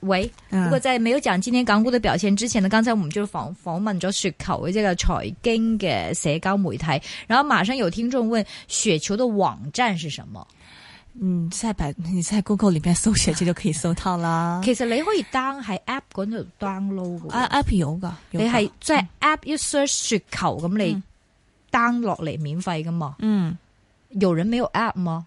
喂、嗯，如果在沒有講今天港股的表現之前呢，剛才我們就訪訪問咗雪球呢這個財經嘅社交媒體，然後馬上有聽眾問雪球的網站是什麼？嗯，在百你在 Google 裏面搜雪球就可以搜到啦。 其實你可以 down 喺 App 嗰度 download，啊 App 有噶，你係即係 App u、嗯、search 雪球咁你 down 落嚟免費噶嘛？嗯，有人沒有 App 嗎？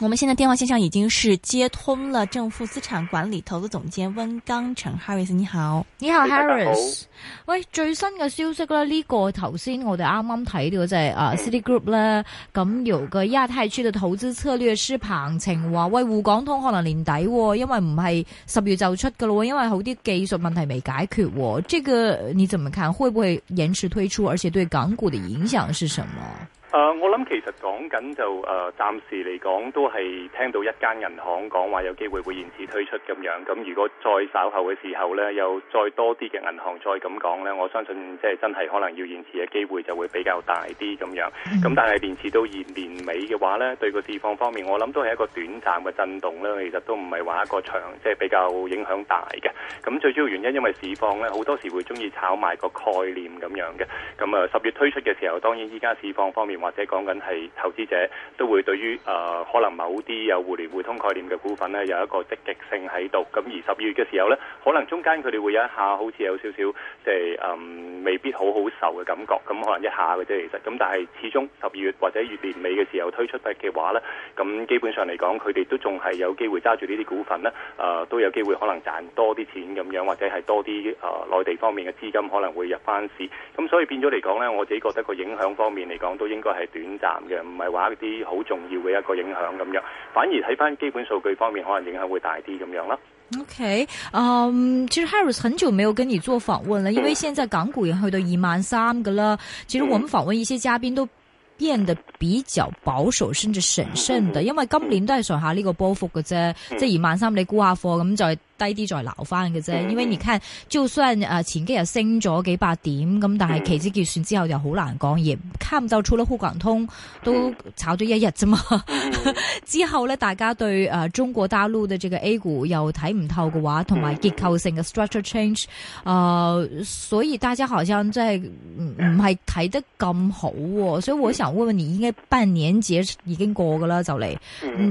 我們現在電話線上已經是接通了正富資產管理投資總監溫鋼城，Harris，你好，你好，Harris，你好。喂，最新嘅消息咧，呢、這個頭先我哋啱啱睇到即係啊，City Group 咧，咁有個亞太區嘅投資策略師彭晴話，喂，滬港通可能年底，哦，因為唔係十月就出噶咯，因為好啲技術問題未解決，這個你怎麼看會不會延遲推出，而且對港股的影響是什麼？誒，我諗其實講緊就誒，暫時嚟講都係聽到一間銀行講話有機會會延遲推出咁樣。咁如果再稍後嘅時候呢，有再多啲嘅銀行再咁講呢，我相信即係真係可能要延遲嘅機會就會比較大啲咁樣。咁但係延遲到年年尾嘅話呢，對個市況方面，我諗都係一個短暫嘅震動啦。其實都唔係話一個長，即係比較影響大嘅。咁最主要原因因為市況呢，好多時會中意炒賣個概念咁樣嘅。咁啊，十月推出嘅時候，當然依家市況方面。或者講緊係投資者都會對於、呃、可能某啲有互聯互通概念嘅股份呢，有一個積極性喺度，咁而十二月嘅時候呢，可能中間佢哋會有一下好似有少少即係未必好好受嘅感覺，咁、嗯、可能一下嘅啫，其實咁但係始終十二月或者月年尾嘅時候推出嘅話呢，咁基本上嚟講佢哋都仲係有機會揸住呢啲股份呢、呃，都有機會可能賺多啲錢咁樣，或者係多啲、呃、內地方面嘅資金可能會入翻市，咁所以變咗嚟講呢，我自己覺得個影響方面嚟講都應該，係短暫嘅，唔係話一啲好重要嘅一個影響咁樣，反而睇翻基本數據方面，可能影響會大啲咁樣咯。OK，嗯、um，其實 Harris 很久沒有跟你做訪問啦，因為現在港股已經去到二萬三噶啦。其實我們訪問一些嘉賓都變得比較保守甚至審慎的，mm. 因為今年都係上下呢個波幅嘅啫，即係二萬三你估下貨咁就，低啲再撈翻嘅啫，因為你看，就算誒前幾日升咗幾百點咁，但係期指結算之後又好難講，也看唔到出了滬港通都炒咗一日啫嘛。 之後咧，大家對誒、呃、中國大陸嘅這個 A 股又睇唔透嘅話，同埋結構性嘅 structure change，啊、呃，所以大家好像真係唔係睇得咁好，哦。所以我想問問你，應該半年節已經過噶啦，就嚟，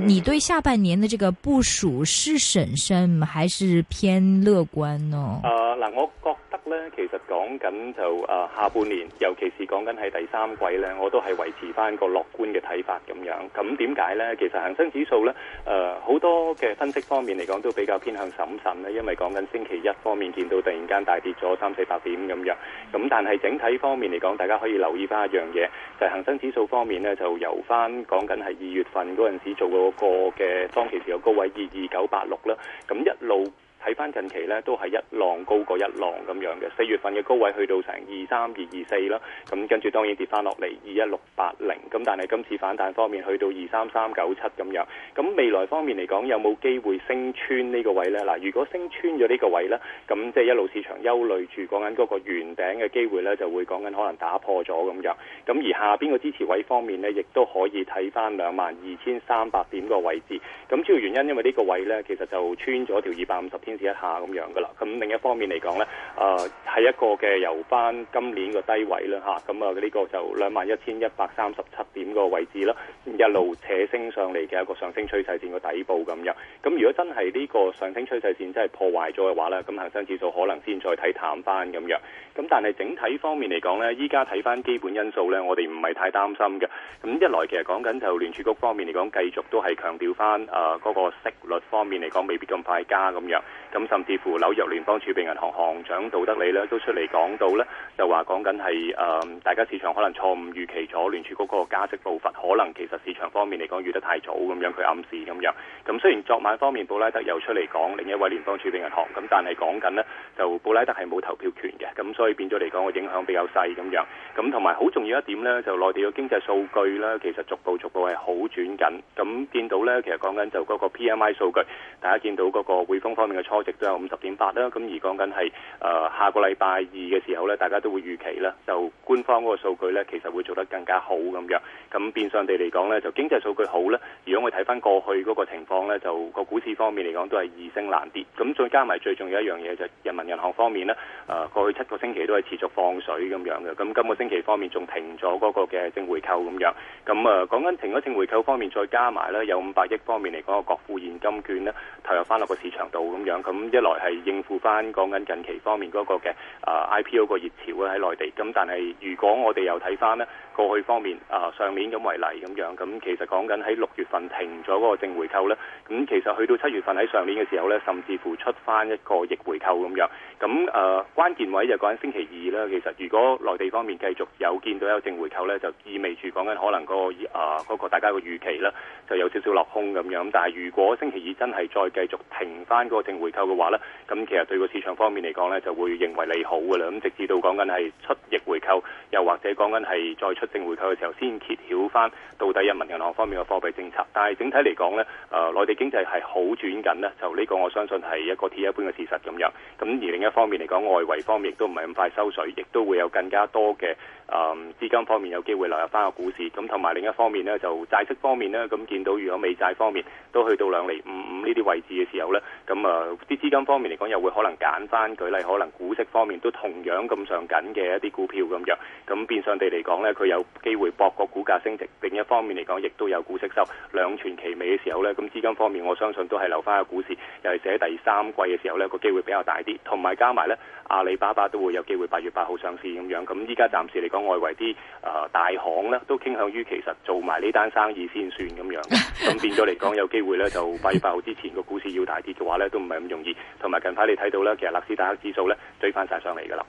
你對下半年嘅這個部署是審慎還是？是偏樂觀呢、哦。Uh, 咧，其實講緊就，誒下半年，尤其是講緊係第三季咧，我都係維持翻個樂觀嘅睇法咁樣。咁點解呢？其實恒生指數咧，誒、呃、好多嘅分析方面嚟講，都比較偏向審慎咧，因為講緊星期一方面見到突然間大跌咗三四百點咁樣。咁但係整體方面嚟講，大家可以留意翻一,一樣嘢，就係、是、恒生指數方面呢，就由翻講緊係二月份嗰陣時做嗰、那個嘅當期持有高位二二九八六啦，咁一路。睇翻近期呢，都係一浪高過一浪咁樣嘅。四月份嘅高位去到成二三二二四啦，咁跟住當然跌翻落嚟二一六八零。咁但係今次反彈方面去到二三三九七咁樣。咁未來方面嚟講，有冇機會升穿呢個位呢？嗱，如果升穿咗呢個位呢，咁即係一路市場憂慮住講緊嗰個圓頂嘅機會呢，就會講緊可能打破咗咁樣。咁而下邊個支持位方面呢，亦都可以睇翻兩萬二千三百點個位置。咁主要原因因為呢個位呢，其實就穿咗條二百五十天。一下咁樣噶啦，咁另一方面嚟講呢，誒、呃、係一個嘅由翻今年個低位啦嚇，咁啊呢、啊啊呢個就兩萬一千一百三十七點個位置啦，一路扯升上嚟嘅一個上升趨勢線個底部咁樣。咁、啊、如果真係呢個上升趨勢線真係破壞咗嘅話呢，咁恒生指數可能先再睇淡翻咁樣。咁、啊、但係整體方面嚟講呢，依家睇翻基本因素呢，我哋唔係太擔心嘅。咁、啊、一來其實講緊就聯儲局方面嚟講，繼續都係強調翻誒嗰個息率方面嚟講，未必咁快加咁樣。咁甚至乎紐約聯邦儲備銀行行長杜德利呢都出嚟講到呢，就話講緊係誒，大家市場可能錯誤預期咗聯儲嗰個加息步伐，可能其實市場方面嚟講預得太早咁樣，佢暗示咁樣。咁雖然昨晚方面布拉德又出嚟講，另一位聯邦儲備銀行，咁但係講緊呢就布拉德係冇投票權嘅，咁所以變咗嚟講個影響比較細咁樣。咁同埋好重要一點呢，就內地嘅經濟數據呢，其實逐步逐步係好轉緊。咁見到呢，其實講緊就嗰個 PMI 數據，大家見到嗰個匯豐方面嘅初一直都有五十點八啦，咁而講緊係誒下個禮拜二嘅時候呢，大家都會預期啦。就官方嗰個數據呢，其實會做得更加好咁樣。咁變相地嚟講呢，就經濟數據好呢，如果我睇翻過去嗰個情況呢，就個股市方面嚟講都係易升難跌。咁再加埋最重要一樣嘢就是，人民銀行方面呢，誒、呃、過去七個星期都係持續放水咁樣嘅。咁今個星期方面仲停咗嗰個嘅正回購咁樣。咁誒講緊停咗正回購方面，再加埋呢有五百億方面嚟講個國庫現金券呢投入翻落個市場度咁樣。咁一來係應付翻講緊近期方面嗰個嘅 IPO 個熱潮喺內地。咁但係如果我哋又睇翻呢過去方面啊、呃、上年咁為例咁樣，咁其實講緊喺六月份停咗個正回購呢，咁其實去到七月份喺上年嘅時候呢，甚至乎出翻一個逆回購咁樣。咁、呃、啊關鍵位就講緊星期二呢，其實如果內地方面繼續有見到有正回購呢，就意味住講緊可能、嗰個啊嗰、呃嗰個大家嘅預期呢就有少少落空咁樣。但係如果星期二真係再繼續停翻個正回購，嘅話咧，咁其實對個市場方面嚟講咧，就會認為利好嘅啦。咁直至到講緊係出逆回購，又或者講緊係再出正回購嘅時候，先揭曉翻到底人民銀行方面嘅貨幣政策。但係整體嚟講咧，誒、呃、內地經濟係好轉緊咧，就呢個我相信係一個鐵一般嘅事實咁樣。咁而另一方面嚟講，外圍方面亦都唔係咁快收水，亦都會有更加多嘅誒、呃、資金方面有機會流入翻個股市。咁同埋另一方面呢，就債息方面呢，咁見到如果美債方面都去到兩厘五五呢啲位置嘅時候咧，咁誒。呃啲資金方面嚟講，又會可能揀翻，舉例可能股息方面都同樣咁上緊嘅一啲股票咁樣，咁變相地嚟講呢佢有機會博個股價升值。另一方面嚟講，亦都有股息收，兩全其美嘅時候呢。咁資金方面我相信都係留翻喺股市，尤其是第三季嘅時候呢，個機會比較大啲。同埋加埋呢，阿里巴巴都會有機會八月八號上市咁樣。咁依家暫時嚟講，外圍啲誒、呃、大行呢都傾向於其實做埋呢單生意先算咁樣，咁變咗嚟講有機會呢就八月八號之前個股市要大跌嘅話呢，都唔係咁容易。同埋近排你睇到咧，其實納斯達克指數咧追翻晒上嚟噶啦。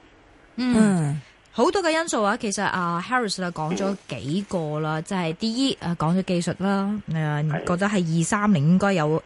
嗯，好多嘅因素啊，其實阿、啊、Harris 啊講咗幾個啦，即係第一啊講咗技術啦，誒、嗯、覺得係二三年應該有誒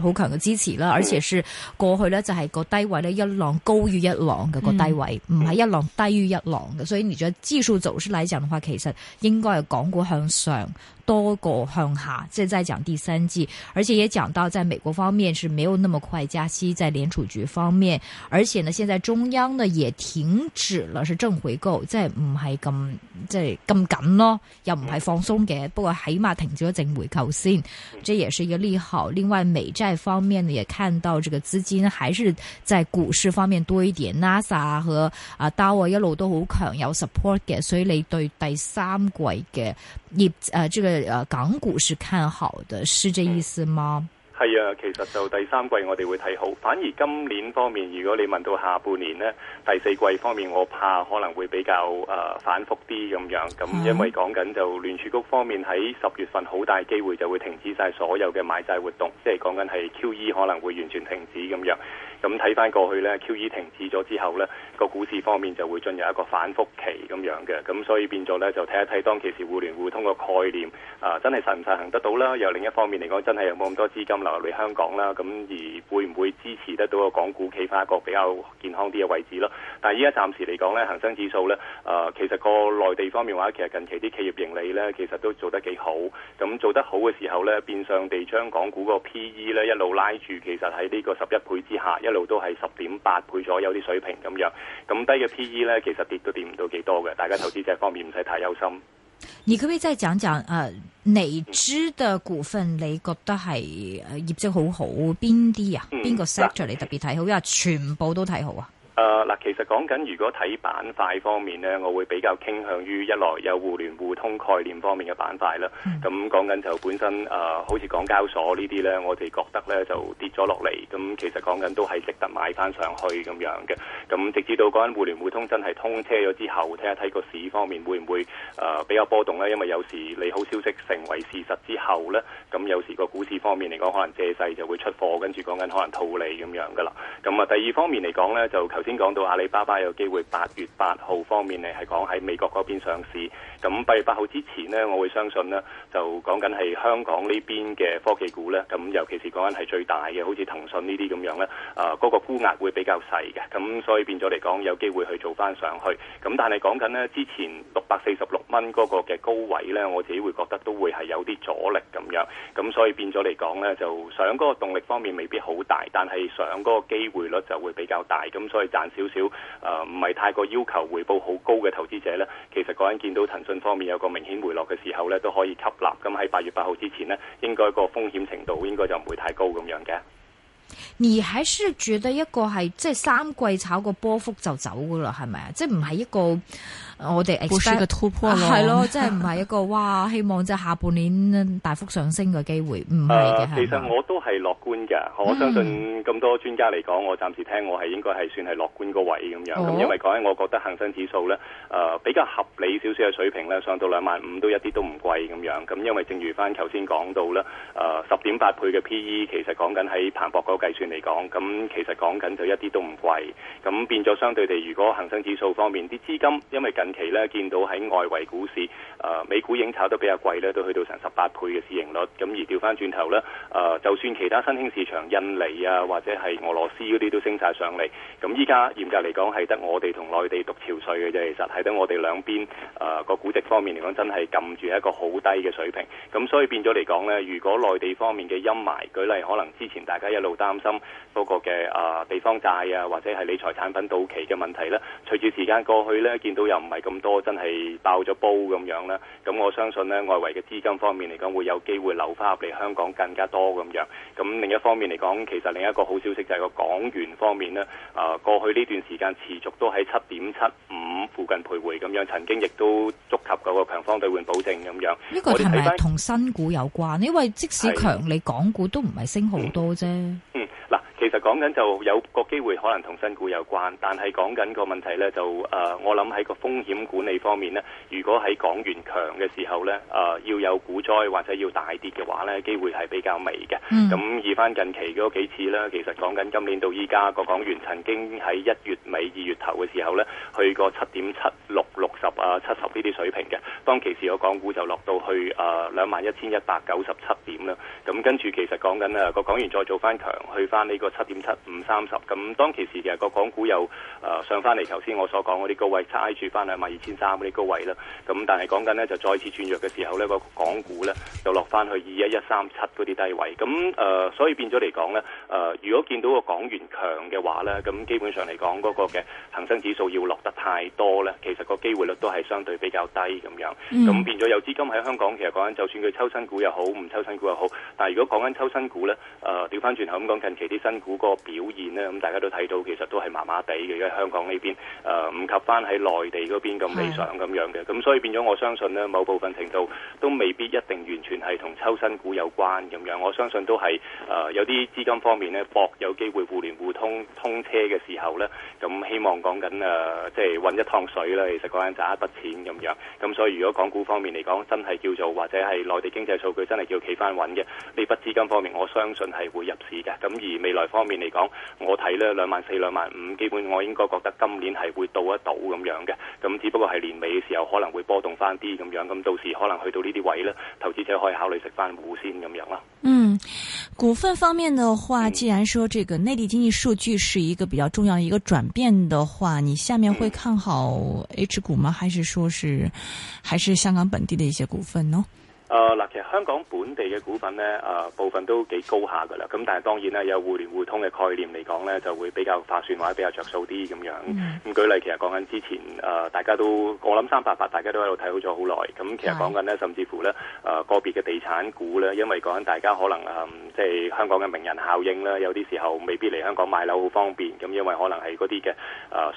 好強嘅支持啦、嗯，而且是過去呢，就係、是、個低位呢，一浪高於一浪嘅、嗯那個低位，唔係一浪低於一浪嘅、嗯，所以你覺得技術走勢來講嘅話，其實應該係港股向上。多個向下，即係在講第三季，而且也講到在美國方面是沒有那麼快加息，在聯儲局方面，而且呢，現在中央呢也停止了是正回購，即係唔係咁即係咁緊咯，又唔係放鬆嘅，不過起碼停止咗正回購先，這也是一個利好。另外美債方面呢，也看到這個資金還是在股市方面多一點，NASA 和啊道、呃、一路都好強有 support 嘅，所以你對第三季嘅業誒，即、呃這個。港股是看好的，是這意思嗎？係、嗯、啊，其實就第三季我哋會睇好，反而今年方面，如果你問到下半年呢，第四季方面我怕可能會比較誒、呃、反覆啲咁樣，咁因為講緊就聯儲局方面喺十月份好大機會就會停止晒所有嘅買債活動，即係講緊係 QE 可能會完全停止咁樣。咁睇翻過去呢 QE 停止咗之後呢，個股市方面就會進入一個反覆期咁樣嘅，咁所以變咗呢，就睇一睇當其時互聯互通個概念啊，真係實唔實行得到啦？又另一方面嚟講，真係有冇咁多資金流入嚟香港啦？咁而會唔會支持得到個港股企翻一個比較健康啲嘅位置啦，但係依家暫時嚟講呢，恒生指數呢，啊，其實個內地方面話，其實近期啲企業盈利呢，其實都做得幾好，咁做得好嘅時候呢，變相地將港股個 PE 呢一路拉住，其實喺呢個十一倍之下一路都係十點八倍左右啲水平咁樣，咁低嘅 PE 咧，其實跌都跌唔到幾多嘅，大家投資者方面唔使太憂心。你可唔可以再講一講誒，泥豬嘅股份你覺得係業績好好邊啲啊？邊個 sector 你特別睇好？又係全部都睇好啊？啊、呃、嗱，其實講緊如果睇板塊方面呢，我會比較傾向於一來有互聯互通概念方面嘅板塊啦。咁講緊就本身啊、呃，好似港交所呢啲呢，我哋覺得呢就跌咗落嚟。咁其實講緊都係值得買翻上去咁樣嘅。咁直至到嗰陣互聯互通真係通車咗之後，睇下睇個市方面會唔會啊、呃、比較波動呢？因為有時候利好消息成為事實之後呢，咁有時個股市方面嚟講，可能借勢就會出貨，跟住講緊可能套利咁樣噶啦。咁啊，第二方面嚟講呢，就求先講到阿里巴巴有機會八月八號方面呢，係講喺美國嗰邊上市。咁八月八號之前呢，我會相信呢就講緊係香港呢邊嘅科技股呢。咁尤其是講緊係最大嘅，好似騰訊呢啲咁樣呢，嗰、呃嗰個沽壓會比較細嘅，咁所以變咗嚟講有機會去做翻上去。咁但係講緊呢之前六百四十六蚊嗰個嘅高位呢，我自己會覺得都會係有啲阻力咁樣。咁所以變咗嚟講呢，就上嗰個動力方面未必好大，但係上嗰個機會率就會比較大。咁所以賺少少，誒唔係太過要求回報好高嘅投資者咧，其實嗰陣見到騰訊方面有個明顯回落嘅時候咧，都可以吸納。咁喺八月八號之前咧，應該個風險程度應該就唔會太高咁樣嘅。而喺輸住得一個係即係三季炒個波幅就走噶啦，係咪啊？即係唔係一個我哋 估到嘅突破咯，係咯，即係唔係一個哇！希望即係下半年大幅上升嘅機會唔係嘅。其實我都係樂觀嘅，嗯，我相信咁多專家嚟講，我暫時聽我係應該係算係樂觀個位咁樣。咁、哦、因為講起，我覺得恒生指數咧，誒、呃、比較合理少少嘅水平咧，上到兩萬五都一啲都唔貴咁樣。咁因為正如翻頭先講到啦，誒十點八倍嘅 P E 其實講緊喺彭博嗰個計算。嚟講，咁其實講緊就一啲都唔貴，咁變咗相對地，如果恒生指數方面啲資金，因為近期呢見到喺外圍股市，誒、呃、美股影炒得比較貴呢都去到成十八倍嘅市盈率，咁而調翻轉頭呢，誒、呃、就算其他新興市場印尼啊，或者係俄羅斯嗰啲都升晒上嚟，咁依家嚴格嚟講係得我哋同內地獨憔悴嘅啫，其實係得我哋兩邊誒個估值方面嚟講，真係撳住一個好低嘅水平，咁所以變咗嚟講呢，如果內地方面嘅陰霾，舉例可能之前大家一路擔心。多、那個嘅啊地方債啊或者係理財產品到期嘅問題啦，隨住時間過去呢，見到又唔係咁多真係爆咗煲咁樣啦。咁我相信呢，外圍嘅資金方面嚟講，會有機會流翻入嚟香港更加多咁樣。咁另一方面嚟講，其實另一個好消息就係個港元方面咧，啊過去呢段時間持續都喺七點七五附近徘徊咁樣，曾經亦都觸及嗰個強方兌換保證咁樣。呢、呢個係咪同新股有關？因為即使強，你港股都唔係升好多啫。 其實講緊就有個機會可能同新股有關，但係講緊個問題呢，就誒、呃，我諗喺個風險管理方面呢，如果喺港元強嘅時候呢，誒、呃、要有股災或者要大跌嘅話呢，機會係比較微嘅。咁以翻近期嗰幾次呢，其實講緊今年到依家個港元曾經喺一月尾二月頭嘅時候呢，去過七點七六六。十啊七十呢啲水平嘅，當其時個港股就落到去啊兩萬一千一百九十七點啦。咁、啊、跟住其實講緊咧，個港元再做翻強，去翻呢個七點七五三十。咁、啊、當其時其實個、啊、港股又啊上翻嚟，頭先我所講嗰啲高位，挨住翻兩萬二千三嗰啲高位啦。咁、啊、但係講緊呢，就再次轉弱嘅時候呢，個、啊、港股呢又落翻去二一一三七嗰啲低位。咁、啊、誒所以變咗嚟講呢，誒、啊，如果見到個港元強嘅話呢，咁基本上嚟講嗰個嘅恒生指數要落得太多呢，其實個機會，都係相對比較低咁樣，咁變咗有資金喺香港。其實講緊，就算佢抽新股又好，唔抽新股又好。但係如果講緊抽新股咧，誒調翻轉，咁講近期啲新股個表現咧，咁大家都睇到，其實都係麻麻地嘅，因為香港呢邊誒唔、呃、及翻喺內地嗰邊咁理想咁樣嘅。咁所以變咗，我相信呢某部分程度都未必一定完全係同抽新股有關咁樣。我相信都係誒、呃、有啲資金方面咧，博有機會互聯互通通車嘅時候咧，咁希望講緊誒，即係揾一趟水啦。其實講緊。打一筆錢咁樣，咁所以如果港股方面嚟講，真係叫做或者係內地經濟數據真係叫企翻穩嘅呢筆資金方面，我相信係會入市嘅。咁而未來方面嚟講，我睇呢兩萬四、兩萬五，基本我應該覺得今年係會到一到咁樣嘅。咁只不過係年尾嘅時候可能會波動翻啲咁樣，咁到時可能去到呢啲位呢，投資者可以考慮食翻股先咁樣咯。嗯，股份方面的話，既然說這個內地經濟數據是一個比較重要一個轉變的話，你下面會看好 H 股嗎？還是說是，還是香港本地的一些股份呢？誒、呃、嗱，其實香港本地嘅股份咧，誒、呃、部分都幾高下噶啦。咁但係當然啦，有互聯互通嘅概念嚟講咧，就會比較划算或者比較着數啲咁樣。咁、mm -hmm. 嗯、舉例，其實講緊之前誒、呃，大家都我諗三八八，大家都喺度睇好咗好耐。咁、嗯、其實講緊咧，甚至乎咧誒、呃、個別嘅地產股咧，因為講緊大家可能誒，即、呃、係、就是、香港嘅名人效應啦，有啲時候未必嚟香港買樓好方便。咁、嗯、因為可能係嗰啲嘅誒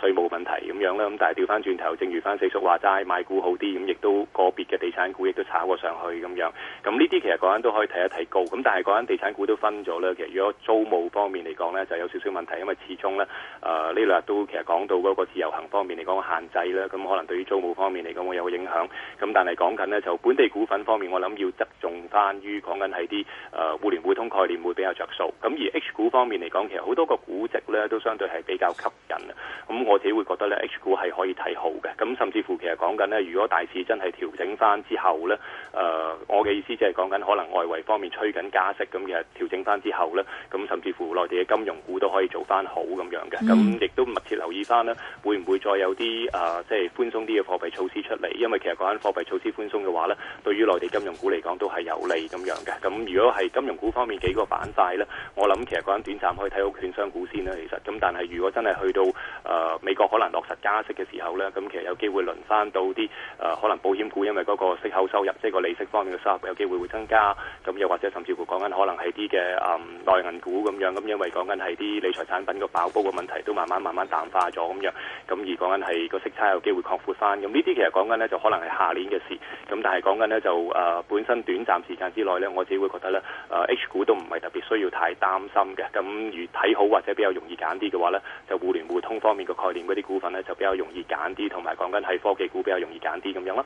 稅務問題咁樣啦。咁、嗯、但係調翻轉頭，正如翻四叔話齋，買股好啲，咁亦都個別嘅地產股亦都炒過上去。咁樣，咁呢啲其實講緊都可以睇一睇高。咁但係講緊地產股都分咗啦。其實如果租務方面嚟講咧，就有少少問題，因為始終咧，呢、呃、兩日都其實講到嗰個自由行方面嚟講限制啦，咁可能對於租務方面嚟講會有個影響。咁但係講緊呢，就本地股份方面，我諗要側重翻於講緊係啲呃、互聯互通概念會比較著數。咁而 H 股方面嚟講，其實好多個估值咧都相對係比較吸引啊。咁我自己會覺得咧，H 股係可以睇好嘅。咁甚至乎其實講緊呢，如果大市真係調整翻之後咧，呃我嘅意思就係講緊，可能外圍方面吹緊加息，咁其實調整翻之後呢，咁甚至乎內地嘅金融股都可以做翻好咁樣嘅。咁、嗯、亦都密切留意翻啦，會唔會再有啲啊，即係寬鬆啲嘅貨幣措施出嚟？因為其實嗰陣貨幣措施寬鬆嘅話呢，對於內地金融股嚟講都係有利咁樣嘅。咁如果係金融股方面幾個板塊呢，我諗其實嗰陣短暫可以睇到券商股先啦。其實咁，但係如果真係去到誒、呃、美國可能落實加息嘅時候呢，咁其實有機會輪翻到啲誒、呃、可能保險股，因為嗰個息口收入即係、就是、個利息方面。嘅收入有機會會增加，咁又或者甚至乎講緊可能係啲嘅誒內銀股咁樣，咁因為講緊係啲理財產品個爆煲嘅問題都慢慢慢慢淡化咗咁樣，咁而講緊係個息差有機會擴闊翻，咁呢啲其實講緊呢就可能係下年嘅事，咁但係講緊呢就誒本身短暫時間之內呢，我自己會覺得呢 H 股都唔係特別需要太擔心嘅，咁如睇好或者比較容易揀啲嘅話呢，就互聯互通方面個概念嗰啲股份呢，就比較容易揀啲，同埋講緊係科技股比較容易揀啲咁樣咯。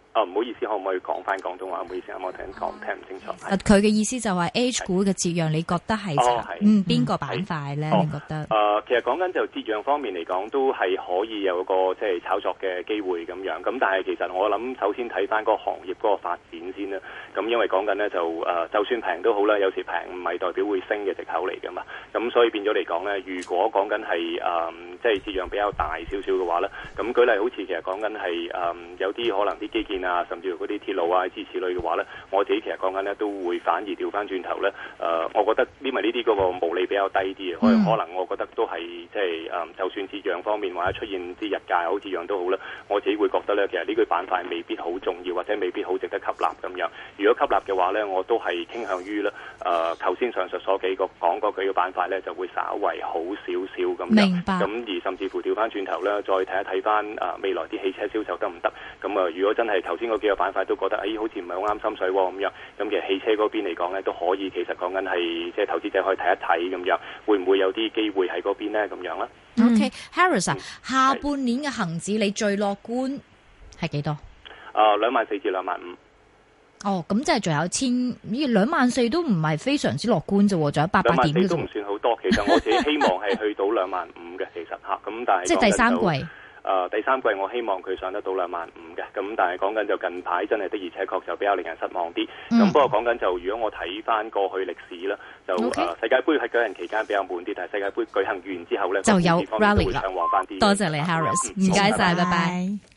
啊，唔好意思，可唔可以講翻廣東話？唔好意思，我、啊、聽講聽唔清楚。佢、啊、嘅意思就係 H 股嘅折讓，你覺得係差、哦？嗯，邊個板塊呢？你覺得？啊、哦呃，其實講緊就折讓方面嚟講，都係可以有個即係、就是、炒作嘅機會咁樣。咁但係其實我諗，首先睇翻個行業嗰個發展先啦。咁因為講緊呢，就誒，就算平都好啦，有時平唔係代表會升嘅藉口嚟噶嘛。咁所以變咗嚟講呢，如果講緊係誒，即、嗯、係、就是、折讓比較大少少嘅話呢，咁舉例好似其實講緊係誒，有啲可能啲基建。啊，甚至乎嗰啲鐵路啊之類嘅話咧，我自己其實講緊咧都會反而調翻轉頭咧。誒、呃，我覺得因為呢啲嗰個毛利比較低啲嘅、嗯，可能我覺得都係即係誒，就算止漲方面或者出現啲日價好似樣都好啦。我自己會覺得咧，其實呢個板塊未必好重要，或者未必好值得吸納咁樣。如果吸納嘅話咧，我都係傾向於咧誒，頭、呃、先上述所幾個講過佢嘅板塊咧，就會稍為好少少咁樣，咁而甚至乎調翻轉頭咧，再睇一睇翻誒未來啲汽車銷售得唔得？咁啊，如果真係。頭先嗰幾個板塊都覺得，哎、好似唔係好啱心水咁樣。咁其實汽車嗰邊嚟講咧，都可以。其實講緊係，即係投資者可以睇一睇咁樣，會唔會有啲機會喺嗰邊咧？咁樣啦 OK、okay、Harrison、啊、嗯、下半年嘅恒指你最樂觀係幾多？啊、呃，兩萬四至兩萬五。哦，咁即係仲有千？咦，兩萬四都唔係非常之樂觀啫，喎，仲有八百點都唔算好多。其實我自己希望係去到兩萬五嘅。 其實吓，咁但係即係第三季。誒、呃、第三季我希望佢上得到兩萬五嘅，咁但係講緊就近排真係的而且確就比較令人失望啲。咁、嗯、不過講緊就如果我睇翻過去歷史啦，就誒、okay. 啊、世界盃喺舉行期間比較悶啲，但係世界盃舉行完之後呢，就有 rally 會上旺翻啲。多謝你、嗯、Harris，唔該晒，拜拜。